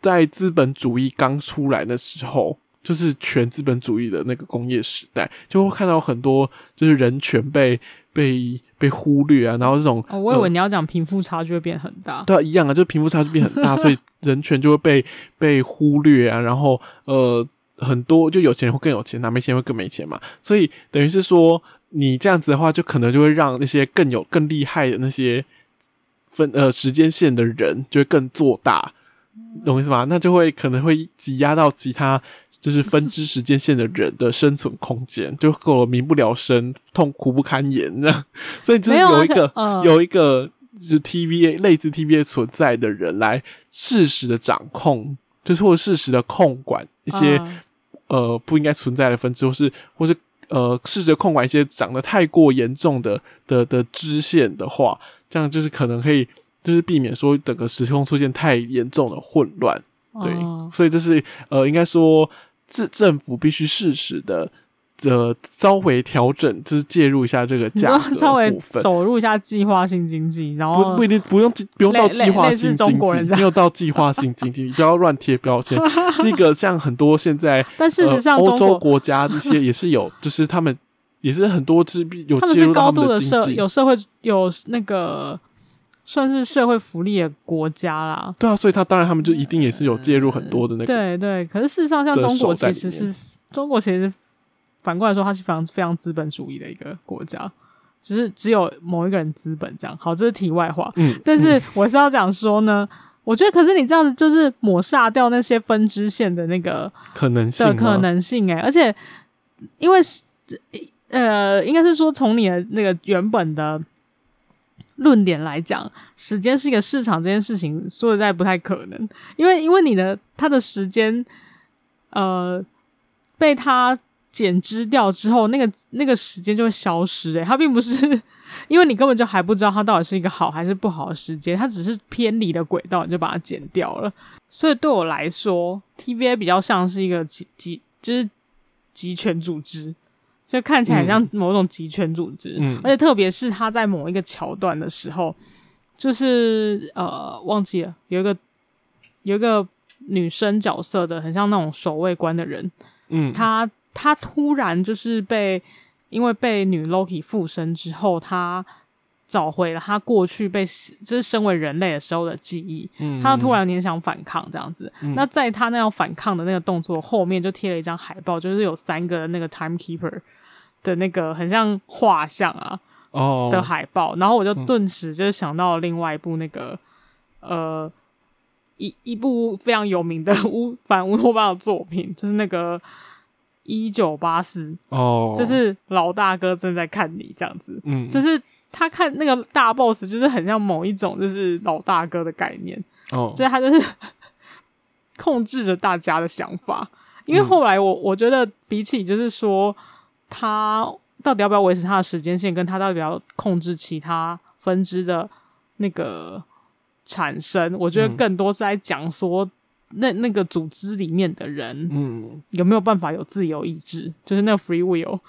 在資本主義剛出來的時候，就是全資本主義的那個工業時代，就會看到很多就是人權被被被忽略啊，然後這種、哦、我以為、呃、你要講貧富差距會變很大，對、啊，一樣啊，就是貧富差距變很大， 所以人權就會被被忽略啊，然後呃，很多就有錢會更有錢、啊，沒錢會更沒錢嘛，所以等於是說你這樣子的話，就可能就會讓那些更有更厲害的那些。分呃時間線的人就會更做大，懂我意思嗎？那就會可能會擠壓到其他就是分支時間線的人的生存空間， 就和我民不聊生，痛苦不堪言這樣。 所以就是有一個有、啊、有一個、呃、就是、TVA 類似 TVA 存在的人來適時的掌控，就是或者適時的控管一些、啊、呃不應該存在的分支，或是或是。呃，試着控管一些長得太過嚴重的的的支線的話，這樣就是可能可以，就是避免說整個時空出現太嚴重的混亂。對，嗯、所以這是，就是呃，應該說政政府必須適時的。呃，稍微調整就是介入一下這個價格部分，稍微走入一下計劃性經濟，然後不，不一定不用不用到計劃性經濟，沒有到計劃性經濟， 你不要亂貼標籤， 是一個像很多現在，但事實上，呃、歐洲國家這些也是有， 就是他們也是很多是有介入他的，他們是高度的社有社會有那個算是社會福利的國家啦。對啊，所以，他當然他們就一定也是有介入很多的那個、嗯，對對。可是事實上，像中國其實是中國其實是。反過來說，它是非常非常資本主義的一個國家，只、就是只有某一個人資本這樣。好，這是題外話。嗯，但是我是要講說呢、嗯，我覺得，可是你這樣子就是抹殺掉那些分支線的那個可能性的可能性、欸。哎，而且因為呃，應該是說，從你的那個原本的論點來講，時間是一個市場這件事情，說實在不太可能，因為因為你的他的時間呃被他。剪枝掉之後，那個那個時間就會消失、欸。誒，它並不是因為你根本就還不知道它到底是一個好還是不好的時間，它只是偏離的軌道，你就把它剪掉了。所以對我來說，TVA 比較像是一個極極，就是極權組織，所以看起來很像某種極權組織。嗯，而且特別是他在某一個橋段的時候，就是呃，忘記了有一個有一個女生角色的，很像那種守衛官的人。嗯，他。他突然就是被，因為被女 Loki 附身之後，他找回了他過去被就是身為人類的時候的記憶。嗯，他突然間想反抗這樣子。嗯、那在他那樣反抗的那個動作後面，就貼了一張海報，就是有三個那個 Timekeeper 的那個很像畫像啊、哦、的海報。然後我就頓時就是想到了另外一部那個、嗯、呃一一部非常有名的烏反烏托邦的作品，就是那個。一九八四，哦，就是老大哥正在看你這樣子，嗯，就是他看那個大 boss，就是很像某一種就是老大哥的概念，哦，所以他就是控制着大家的想法。因為後來我我覺得比起就是說他到底要不要維持他的時間線，跟他到底要控制其他分支的那個產生，嗯，我覺得更多是在講說。那那個組織裡面的人，嗯，有沒有辦法有自由意志？嗯、就是那個 free will，、哦、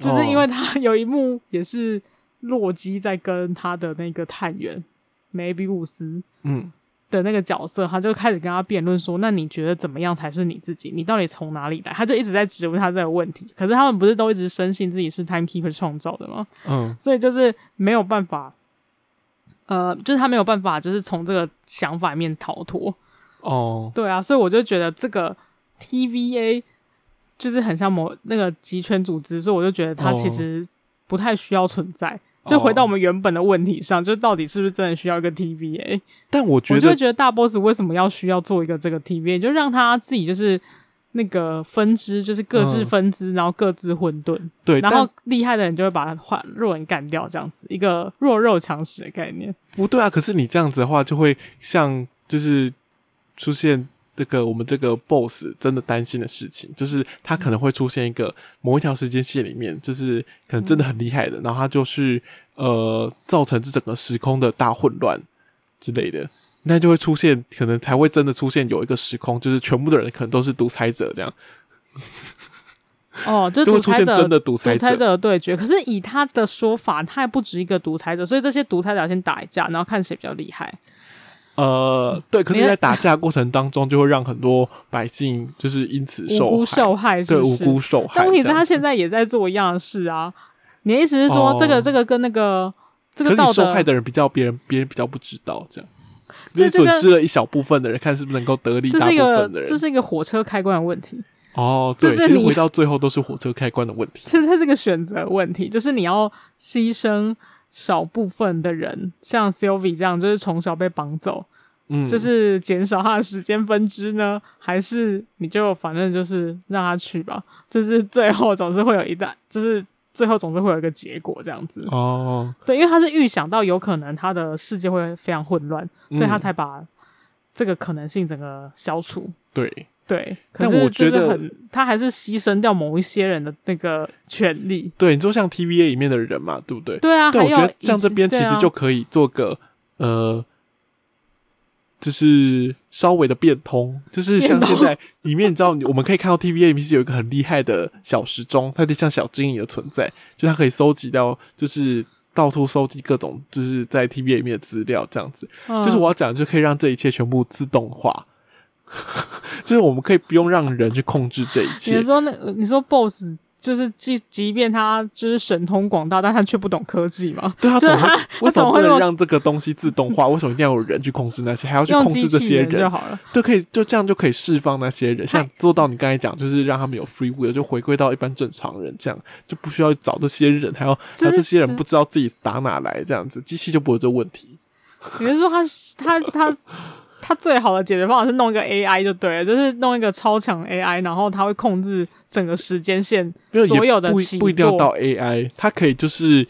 就是因為他有一幕也是洛基在跟他的那個探員梅比烏斯，嗯，的那個角色、嗯，他就開始跟他辯論說：“那你覺得怎麼樣才是你自己？你到底從哪裡來？”他就一直在質問他這個問題。可是他們不是都一直深信自己是 timekeeper 創造的嗎？嗯，所以就是沒有辦法，呃，就是他沒有辦法，就是從這個想法裡面逃脫。哦、oh.，對啊，所以我就覺得這個 TVA 就是很像某那個集權組織，所以我就覺得它其實不太需要存在。Oh. 就回到我們原本的問題上，就到底是不是真的需要一個 TVA？但我覺得，我就會覺得大 boss 為什麼要需要做一個這個 TVA？就讓他自己就是那個分支，就是各自分支，oh. 然後各自混沌。對，然後厲害的人就會把他換，弱人幹掉，這樣子一個弱肉強食的概念。不對啊，可是你這樣子的話，就會像就是。出現這個，我們這個 boss 真的擔心的事情，就是他可能會出現一個某一條時間線裡面，就是可能真的很厲害的，嗯、然後他就是呃，造成這整個時空的大混亂之類的，那就會出現可能才會真的出現有一個時空，就是全部的人可能都是獨裁者這樣。哦，就， 就會出現真的獨裁者的對決。可是以他的說法，他還不止一個獨裁者，所以這些獨裁者先打一架，然後看誰比較厲害。呃，對，可是，在打架過程當中，就會讓很多百姓就是因此受害，無辜受害是不是？對，無辜受害。但問題是他現在也在做一樣的事啊。你的意思是說、這個哦，這個這個跟那個這個受受害的人比較人，別人別人比較不知道，這樣，就、這、損、個、失了一小部分的人，這個、看是不是能夠得利大部分的人。這是一個，這是一個火車開關的問題。哦，這、就是、其實回到最後都是火車開關的問題。其實它這個選擇問題，就是你要犧牲。少部分的人，像 Sylvie 這樣，就是從小被綁走，嗯，就是減少他的時間分支呢，還是你就反正就是讓他去吧，就是最後總是會有一段，就是最後總是會有一個結果這樣子哦，對，因為他是預想到有可能他的世界會非常混亂，嗯，所以他才把這個可能性整個消除，對。對，可是是，但我覺得他還是犧牲掉某一些人的那個權利。對，你說像 TVA 裡面的人嘛，對不對？對啊，對，我覺得像這邊其實就可以做個、啊、呃，就是稍微的變通，就是像現在裡面你知道，我們可以看到 TVA 裡面是有一個很厲害的小時鐘，它有點像小精靈的存在，就是、它可以收集到，就是到處收集各種就是在 TVA 裡面的資料，這樣子、嗯，就是我要講就是、可以讓這一切全部自動化。 就是我們可以不用讓人去控制這一切。你說那，你說 boss 就是即即便他就是神通廣大，但他卻不懂科技嗎？對他怎麼為什麼不能讓這個東西自動化？為什麼一定要有人去控制那些？還要去控制這些人，人就好了？對，可以就這樣就可以釋放那些人，像做到你剛才講，就是讓他們有 free will，就回歸到一般正常人，這樣就不需要找這些人，還要找這些人不知道自己打哪來，這樣子機器就不會有這問題。也就是說他他他。他最好的解決方法是弄一個 AI 就對了，就是弄一個超強 AI，然後他會控制整個時間線所有的不。不，不一定要到 AI，它可以就是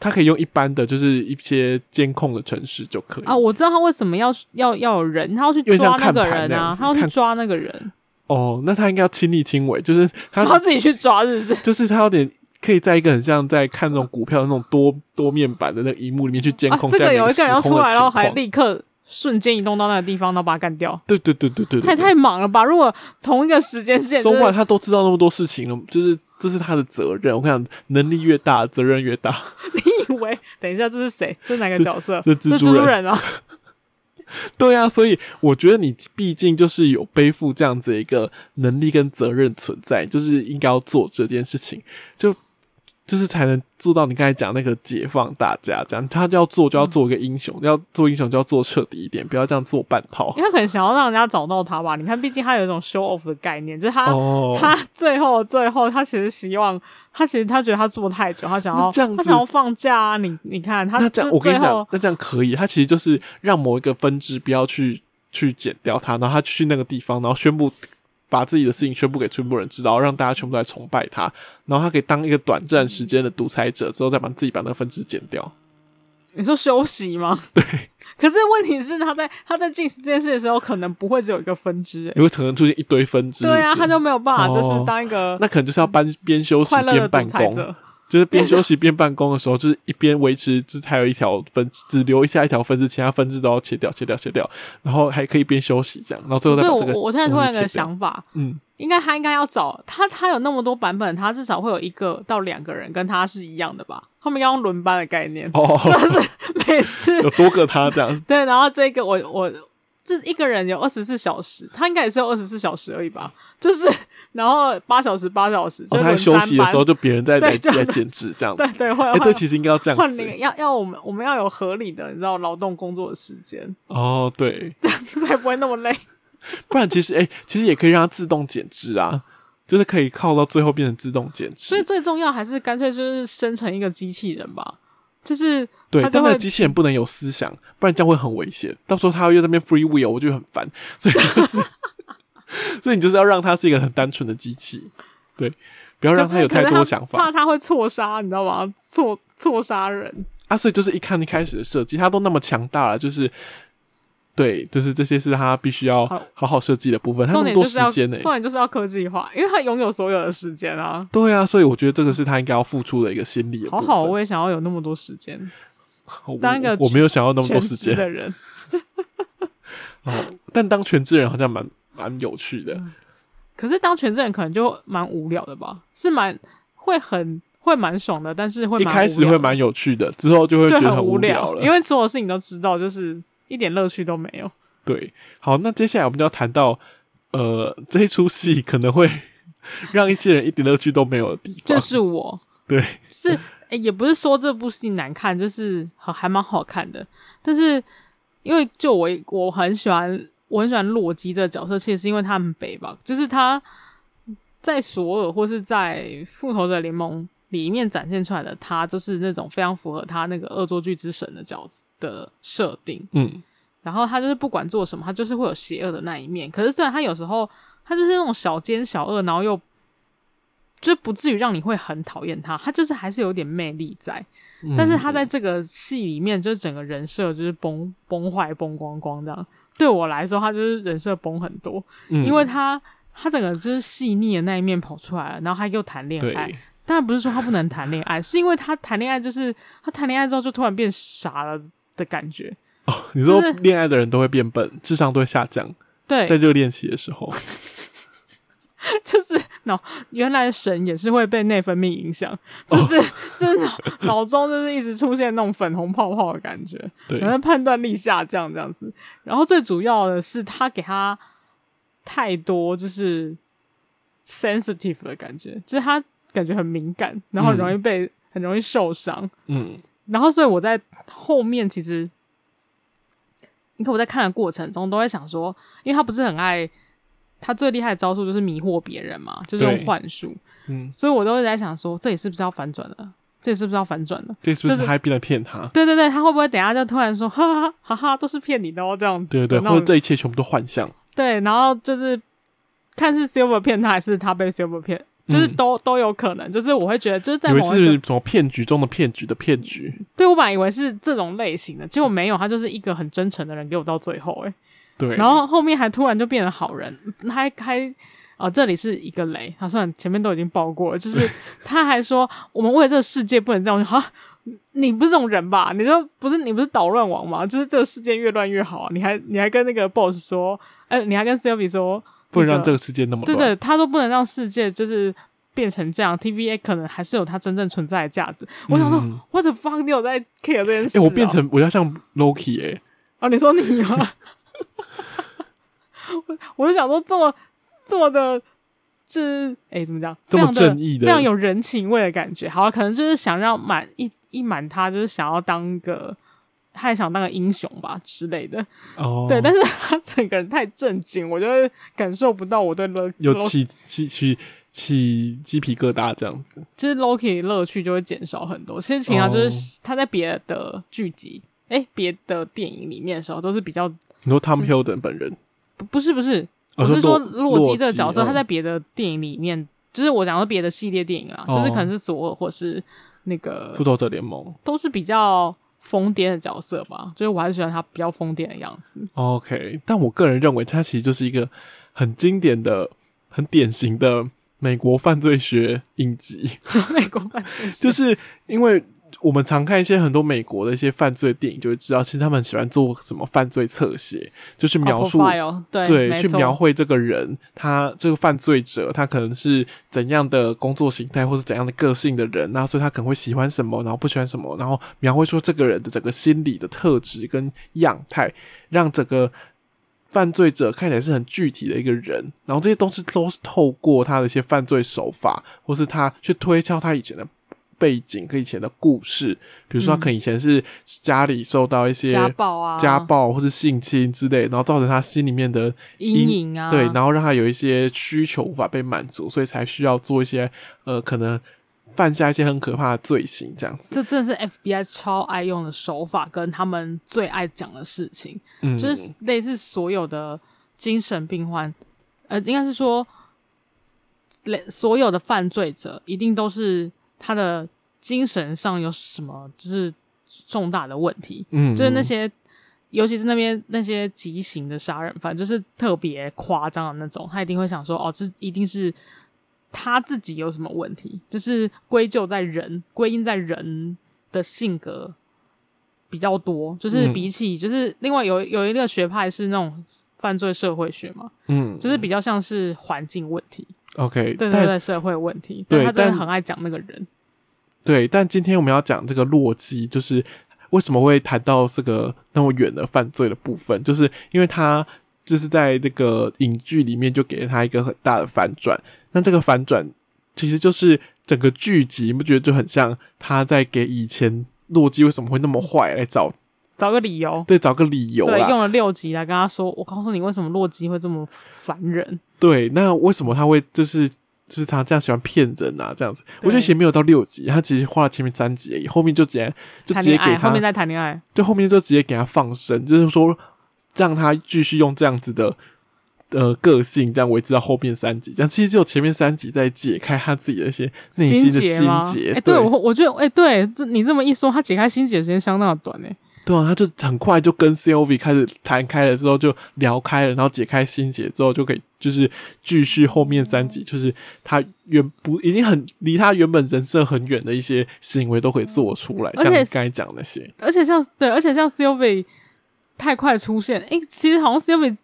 他可以用一般的，就是一些監控的程式就可以啊啊。啊，我知道他為什麼要要要有人，他要去抓那個人啊，他要去抓那個人。哦、啊，那他應該要親力親為，就是他要自己去抓，是不是？就是他有點可以在一個很像在看那種股票那種多多面板的那個螢幕裡面去監控。這個有一個人要出來然後還立刻。瞬間移動到那個地方，然後把他幹掉。對對，對對對對對，太太忙了吧？如果同一個時間線，說白他都知道那麼多事情了，就是這是他的責任。我跟你講，能力越大，責任越大。 你以為？等一下，這是誰？這是哪個角色？是是蜘蛛人？是蜘蛛人啊？對呀、啊，所以我覺得你畢竟就是有背負這樣子的一個能力跟責任存在，就是應該要做這件事情。就。就是才能做到你剛才講那個解放大家，這樣他要做就要做一個英雄，嗯、要做英雄就要做徹底一點，不要這樣做半套。因為他可能想要讓人家找到他吧？你看，畢竟他有一種 show off 的概念，就是他，哦、他最後最後他其實希望他其實他覺得他做太久，他想要這樣他想要放假啊！你你看他那這樣我跟你講，那這樣可以，他其實就是讓某一個分支不要去去剪掉他，然後他去那個地方，然後宣布。把自己的事情宣佈給全部人知道，讓大家全部都來崇拜他，然後他可以當一個短暫時間的獨裁者，之後再把自己把那個分支剪掉。你說休息嗎？對。可是問題是他在他在進行這件事的時候，可能不會只有一個分支，因為可能出現一堆分支。對啊，是是他就沒有辦法，就是當一個、哦、那可能就是要搬邊休息邊辦公。就是邊休息邊辦公的時候，就是一邊維持，只還有一條分，只留下一條分支，其他分支都要切掉，切掉，切掉。然後還可以邊休息這樣，然後最後再把這個。對，我我現在突然有個想法，嗯，應該他應該要找他，他有那麼多版本，他至少會有一個到兩個人跟他是一樣的吧？後面要用輪班的概念，但、哦就是每次有多個他這樣。 對，然後這個我我這一個人有二十四小時，他應該也是有二十四小時而已吧？就是，然後八小時八小時，哦、他休息的時候就別人在在在剪脂，這樣子，對對，會、欸，對，其實應該要這樣子，要要我們我們要有合理的，你知道勞動工作的時間，哦，對，才 不會那麼累，不然其實哎、欸，其實也可以讓它自動剪脂啊， 就是可以靠到最後變成自動剪脂，所以最重要還是乾脆就是生成一個機器人吧，就是就對，但那個機器人不能有思想，不然這樣會很危險，到時候他又在那邊 free will，我就很煩，所以就是。 所以你就是要讓他是一個很單純的機器，對，不要讓他有太多想法，他怕他會錯殺，你知道嗎？錯錯殺人啊！所以就是一看一開始的設計，他都那麼強大了，就是對，就是這些是他必須要好好設計的部分。他那麼多時間呢、欸，重點就是要科技化，因為他擁有所有的時間啊。對啊，所以我覺得這個是他應該要付出的一個心力。好好，我也想要有那麼多時間當一個我,我沒有想要那麼多時間的人。哦、 啊，但當全職人好像蠻。蠻有趣的，嗯，可是當全職人可能就蠻無聊的吧，是蠻會很會蠻爽的，但是會一開始會蠻有趣的，之後就會覺得很無聊了，因為所有的事情都知道，就是一點樂趣都沒有。對，好，那接下來我們就要談到，呃，這一出戲可能會讓一些人一點樂趣都沒有的地方，就是我。對，是，欸、也不是說這部戲難看，就是還蠻好看的，但是因為就我我很喜歡。我很喜歡洛基的角色，其實是因為他很北吧，就是他在索爾或是在復仇者聯盟裡面展現出來的他，就是那種非常符合他那個惡作劇之神的角色的設定。嗯，然後他就是不管做什麼，他就是會有邪惡的那一面。可是雖然他有時候他就是那種小奸小惡，然後又就不至於讓你會很討厭他，他就是還是有點魅力在。嗯，但是他在這個戲裡面，就是整個人設就是崩崩壞崩光光這樣。對我來說，他就是人設崩很多，嗯、因為他他整個就是細膩的那一面跑出來了，然後他又談戀愛。但不是說他不能談戀愛， 是因為他談戀愛，就是他談戀愛之後就突然變傻了的感覺。哦，你說戀愛的人都會變笨，就是，智商都會下降。對，在熱戀期的時候。 就是腦、no, 原來神也是會被內分泌影響、oh. 就是，就是就是腦中就是一直出現那種粉紅泡泡的感覺，對，然後判斷力下降這樣子。然後最主要的是他給他太多就是 sensitive 的感覺，就是他感覺很敏感，然後容易被、嗯、很容易受傷。嗯，然後所以我在後面其實你看我在看的過程中都會想說，因為他不是很愛。他最厲害的招數就是迷惑別人嘛，就是用幻術。嗯，所以我都會在想說，這也是不是要反轉了？這也是不是要反轉了？這是不是他被人騙他、就是？對對對，他會不會等下就突然說，哈哈,哈,哈都是騙你的哦這樣？對對對，或者這一切全部都幻象？對，然後就是，看是 Sylvie 騙他，還是他被 Sylvie 騙、嗯？就是都都有可能。就是我會覺得，就是在以為是什麼騙局中的騙局的騙局。對我本來以為是這種類型的，結果沒有，嗯、他就是一個很真誠的人，給我到最後、欸對然後後面還突然就變成好人，還還哦、呃，這裡是一個雷，好、啊，算前面都已經爆過了，就是他還說 我們為了這個世界不能這樣，哈，你不是這種人吧？你說不是，你不是搗亂王嗎？就是這個世界越亂越好、啊，你還你還跟那個 boss 說，哎、呃，你還跟 Sylvie 說，不能讓這個世界那麼，對的，他都不能讓世界就是變成這樣，TVA 可能還是有他真正存在的價值、嗯。我想說，What the fuck 你有在 care 這件事、啊？哎、欸，我變成我要像 Loki 哎、欸，啊，你說你啊 我就想說，這麼這麼的，這哎，怎麼講？這麼正義的，非常有人情味的感覺。好，可能就是想要滿一一滿他，就是想要當個，還想當個英雄吧之類的。哦，對，但是他整個人太正經，我就會感受不到我對 Loki 有起起起起雞皮疙瘩這樣子。就是 Loki 樂趣就會減少很多。其實平常就是他在別的劇集，哎，別的電影裡面的時候，都是比較你說 Tom Hiddleston 本人。不是不是，哦、我是說洛，洛基，洛基這個角色，他在別的電影裡面，哦、就是我講的別的系列電影啊、哦，就是可能是索爾或是那個復仇者聯盟，都是比較瘋癲的角色吧，就是我還是喜歡他比較瘋癲的樣子、哦。OK，但我個人認為他其實就是一個很經典的、很典型的美國犯罪學影集。 美國犯罪， 就是因為。我們常看一些很多美國的一些犯罪電影，就會知道，其實他們很喜歡做什麼犯罪側寫，就去描述，oh, 對，去描繪這個人，他這個犯罪者，他可能是怎樣的工作形態，或是怎樣的個性的人啊，所以他可能會喜歡什麼，然後不喜歡什麼，然後描繪出這個人的整個心理的特質跟樣態，讓整個犯罪者看起來是很具體的一個人，然後這些東西都是透過他的一些犯罪手法，或是他去推敲他以前的。背景跟以前的故事，比如說，他可能以前是家裡受到一些家暴啊、家暴或是性侵之類，然後造成他心裡面的陰影啊，對，然後讓他有一些需求無法被滿足，所以才需要做一些呃，可能犯下一些很可怕的罪行，這樣子。這正是 FBI 超愛用的手法，跟他們最愛講的事情，嗯，就是類似所有的精神病患，呃，應該是說，類所有的犯罪者一定都是。他的精神上有什麼就是重大的問題，嗯，嗯，就是那些，尤其是那邊那些極刑的殺人犯，就是特別誇張的那種，他一定會想說，哦，這一定是他自己有什麼問題，就是歸咎在人，歸因在人的性格比較多，就是比起就是另外有有一個學派是那種犯罪社會學嘛，嗯，就是比較像是環境問題。OK，對對對，社會問題。對，他真的很愛講那個人對。對，但今天我們要講這個洛基，就是為什麼會談到這個那麼遠的犯罪的部分，就是因為他就是在這個影劇裡面就給了他一個很大的反轉。那這個反轉其實就是整個劇集，你不覺得就很像他在給以前洛基為什麼會那麼壞來找？找個理由，對，找個理由。對，用了六集來跟他說：“我告訴你，為什麼洛基會這麼煩人？”對，那為什麼他會就是就是他這樣喜歡騙人啊？這樣子，我覺得也沒有到六集，他只是花了前面三集而已，後面就直接就直接給他後面再談戀愛，對，後面就直接給他放生，就是說讓他繼續用這樣子的呃個性這樣維持到後面三集，這樣其實只有前面三集在解開他自己的一些內心的心結哎，對、欸、對我我覺得哎、欸，對，你這麼一說，他解開心結的時間相當的短哎、欸。對啊，他就很快就跟 Sylvie 開始談開了，之後就聊開了，然後解開心結之後，就可以就是繼續後面三集，就是他原不已經很離他原本人設很遠的一些行為都可以做出來，像剛才講那些，而且像對，而且像 Sylvie 太快出現，哎、欸，其實好像 Sylvie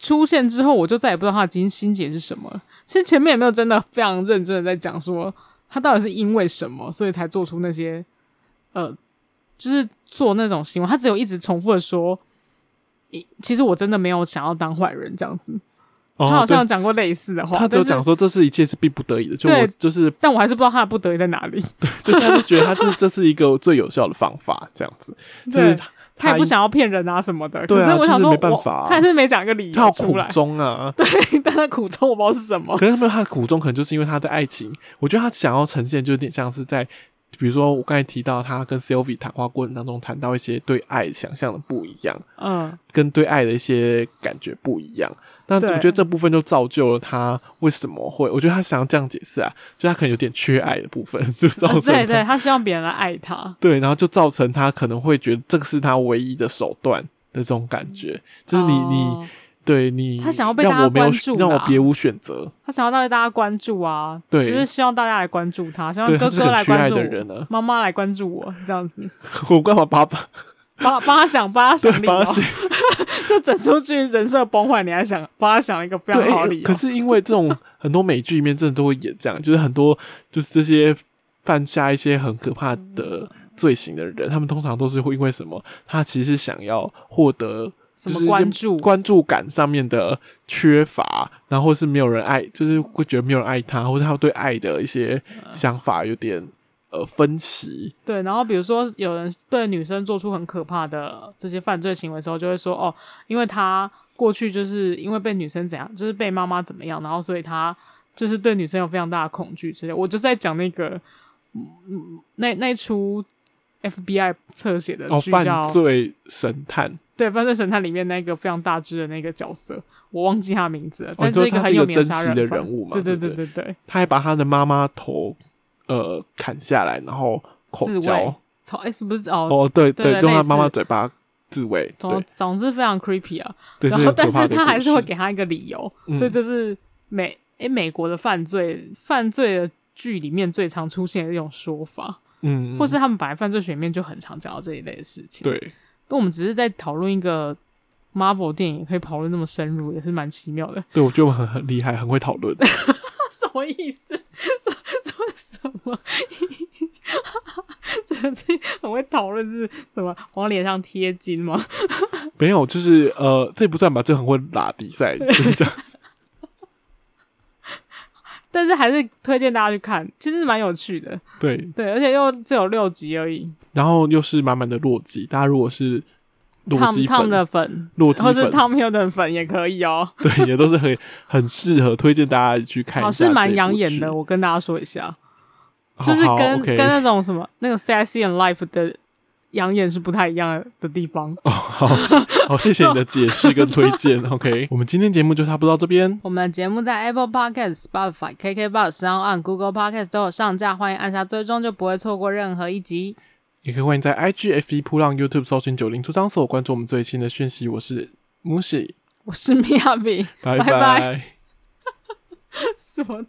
出現之後，我就再也不知道他今天心結是什麼。其實前面也沒有真的非常認真的在講說他到底是因為什麼，所以才做出那些呃。就是做那種行為，他只有一直重複的說，一其實我真的沒有想要當壞人這樣子。哦、他好像有講過類似的話，他只有講說，這是一切是逼不得已的，就我就是，但我還是不知道他的不得已在哪裡。對，就他就覺得他是 這是一個最有效的方法這樣子，對，就是他，他也不想要騙人啊什麼的。對啊，是我想說就是沒辦法，啊，他還是沒講一個理由出來，他有苦衷啊。對，但他苦衷我不知道是什麼。可是沒有他的苦衷，可能就是因為他的愛情，我覺得他想要呈現就有點像是在。比如說，我剛才提到他跟 Sylvie 談話過程當中，談到一些對愛想象的不一樣，嗯，跟對愛的一些感覺不一樣。那我覺得這部分就造就了他為什麼會，我覺得他想要這樣解釋啊，就他可能有點缺愛的部分，嗯、就造成、呃、對對，他希望別人來愛他。對，然後就造成他可能會覺得這個是他唯一的手段的這種感覺，就是你、嗯、你。對你，他想要被大家關注、啊，讓我別無選擇。他想要讓大家關注啊，對，就是希望大家來關注他，希望哥哥來關注我，媽媽、啊、來關注我，這樣子。我幹嘛把他、幫他，幫幫他想，幫他、他想，幫 他想，就整出去人設崩壞，你還想幫他想一個非常好理由。可是因為這種很多美劇裡面真的都會演這樣， 就是很多就是這些犯下一些很可怕的罪行的人，嗯、他們通常都是會因為什麼？他其實是想要獲得。什麼關注、就是、關注感上面的缺乏，然後是沒有人愛，就是會覺得沒有人愛他，或者他對愛的一些想法有點、嗯、呃分歧。對，然後比如說有人對女生做出很可怕的這些犯罪行為的時候，就會說哦，因為他過去就是因為被女生怎樣，就是被媽媽怎麼樣，然後所以他就是對女生有非常大的恐懼之類的。我就是在講那個嗯，那那出。FBI 側寫的劇叫、哦《犯罪神探》，對《犯罪神探》裡面那個非常大只的那個角色，我忘記他名字了，哦、但是,、哦、他是一個很有真實的人物嘛。對對對對對,對。他還把他的媽媽頭呃砍下來，然後口交。從，哎、欸，是不是？哦，哦對,對對，用他媽媽嘴巴自慰，總總之非常 creepy 啊。對然後，但是他還是會給他一個理由，嗯、這就是美哎、欸、美國的犯罪犯罪的劇裡面最常出現的一種說法。嗯，或是他們本來犯罪懸念就很常講到這一類的事情。對，那我們只是在討論一個 Marvel 電影，可以討論那麼深入，也是蠻奇妙的。對，我覺得我很很厲害，很會討論。 什麼意思？說，說什麼？覺得 自己很會討論是什麼？往臉上貼金嗎？ 沒有，就是呃，這不算吧，這很會打比賽，就是這樣。 但是還是推薦大家去看，其實蠻有趣的。對對，而且又只有六集而已。然後又是滿滿的洛基，大家如果是湯湯的粉，粉或者是湯姆的粉也可以哦，喔。對， 也都是很很適合推薦大家去看一下，哦，是蠻養眼的。我跟大家說一下，就是跟，oh, 跟, okay. 跟那種什麼那個《Sex and Life》的。養眼是不太一樣的地方哦，oh, 好，好，謝謝你的解釋跟推薦 ，OK， 我們今天節目就差不多到這邊。我們的節目在 Apple Podcast Spotify, KKBox,、Spotify、KKBox，然後 SoundOn Google Podcast 都有上架，歡迎按下追蹤，就不會錯過任何一集。也可以歡迎在 IG、FB、噗浪 YouTube 搜尋九零出張所關注我們最新的訊息。我是 Mushi，我是 Miabi，拜拜。 什麼？